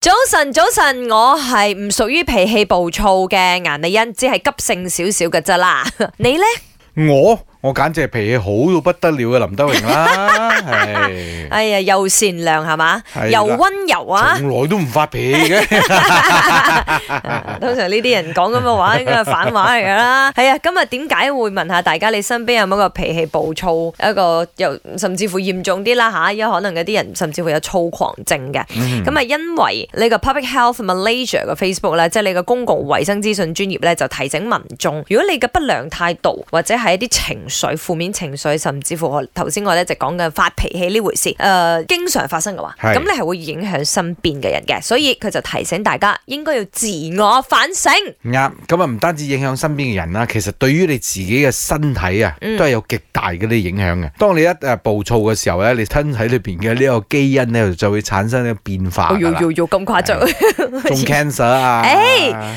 早晨，早晨，我係唔屬於脾氣暴躁嘅，顏麗欣只係急性少少嘅啫啦。 你咧呢？我。我簡直係脾氣好到不得了嘅林德榮啦， 是哎呀，又善良係嘛，是吧是的又溫柔啊，從來都唔發脾氣嘅。 通常呢啲人講咁嘅話，應該係反話嚟㗎啦。係啊，今日點解會問下大家？你身邊有冇一個脾氣暴躁，一個又甚至乎嚴重啲啦吓，有可能有啲人甚至會有躁狂症嘅。咁啊，因為你個 Public Health Malaysia 嘅 Facebook 咧，即係你嘅公共衞生資訊專業咧，就提醒民眾：如果你嘅不良態度或者係一啲情緒，水、負面情緒，甚至乎我頭先我一直講嘅發脾氣呢回事，誒、呃，經常發生嘅話，咁是你係會影響身邊嘅人嘅，所以佢就提醒大家應該要自我反省。啱，咁啊唔單止影響身邊嘅人啦，其實對於你自己嘅身體啊，都係有極大嘅啲影響嘅。嗯、當你一誒暴躁嘅時候咧，你身體裏邊嘅呢個基因咧就，就會產生呢個變化。要要要咁誇張， 中 cancer 啊！哎啊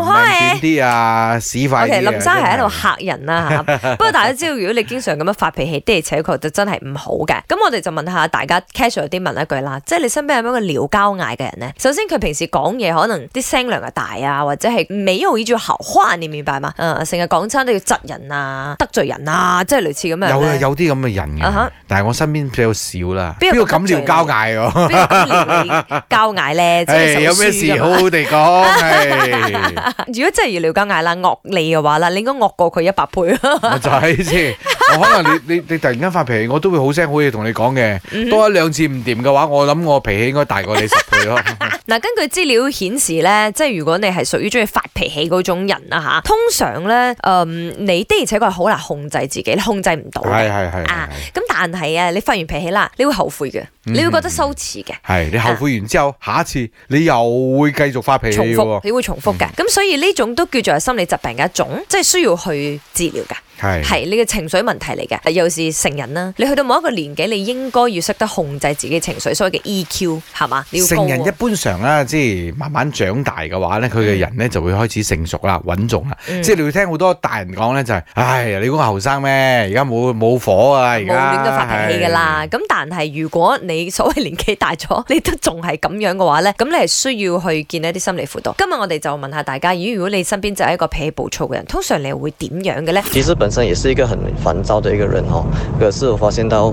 慢啲啊，啊！屎快啲、啊。Okay, 林生係喺度嚇人啦、啊、嚇、 啊，不過大家知道，如果你經常咁樣發脾氣，的而且確就真係唔好嘅。咁我哋就問下大家 casual 啲問一句啦，即係你身邊有冇一個撩交嗌嘅人咧？首先佢平時講嘢可能啲聲量啊大啊，或者係尾喺住喉腔，你明白嘛？成日講親都要窒人啊，得罪人啊，即係類似咁樣有。有有啲咁嘅人、啊、但係我身邊比較少啦。邊個咁撩交嗌㗎？交嗌咧？有咩事好好地講。 如果真係如撩交嗌啦惡你嘅話啦，你應該惡過佢一百倍咯。就係先，我可能你你你突然間發脾氣，我都會好聲好氣同你講嘅。Mm hmm. 多一兩次唔掂嘅話，我諗我脾氣應該大過你十倍咯。嗱 根據資料顯示咧，即係如果你係屬於中意發脾氣嗰種人啊吓，通常咧，誒、嗯，你的而且確係好難控制自己，控制唔到係係係咁。但係啊，你發完脾氣啦，你會後悔嘅，嗯、你會覺得羞恥嘅。係你後悔完之後，是下一次你又會繼續發脾氣。重複，你會重複嘅。咁、嗯、所以呢種都叫做係心理疾病嘅一種，即、就、係、是、需要去治療噶。係係是你嘅情緒問題嚟嘅，又是成人啦。你去到某一個年紀，你應該要識得控制自己的情緒，所謂嘅 EQ 係嘛，你要高。成人一般上啦，即係慢慢長大嘅話咧，佢嘅人咧就會開始成熟啦、穩重啦。嗯、即係你會聽好多大人講咧，就係、是、唉，你講後生咩？而家冇冇火啊，而家沒。發脾氣噶啦，咁但係如果你所謂年紀大咗，你都仲係咁樣嘅話咧，咁你係需要去見一啲心理輔導。今日我哋就問下大家，如果你身邊就係一個脾氣暴躁嘅人，通常你係會點樣嘅咧？其實本身也是一個很煩躁嘅一個人哦，可是我發現到。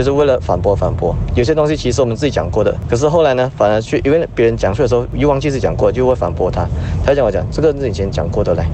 就是為了反駁反駁，有些東西其實我們自己講過的，可是後來呢，反而去因為別人講出來的時候又忘記是講過，就會反駁他。他講，我講這個是以前講過的，來。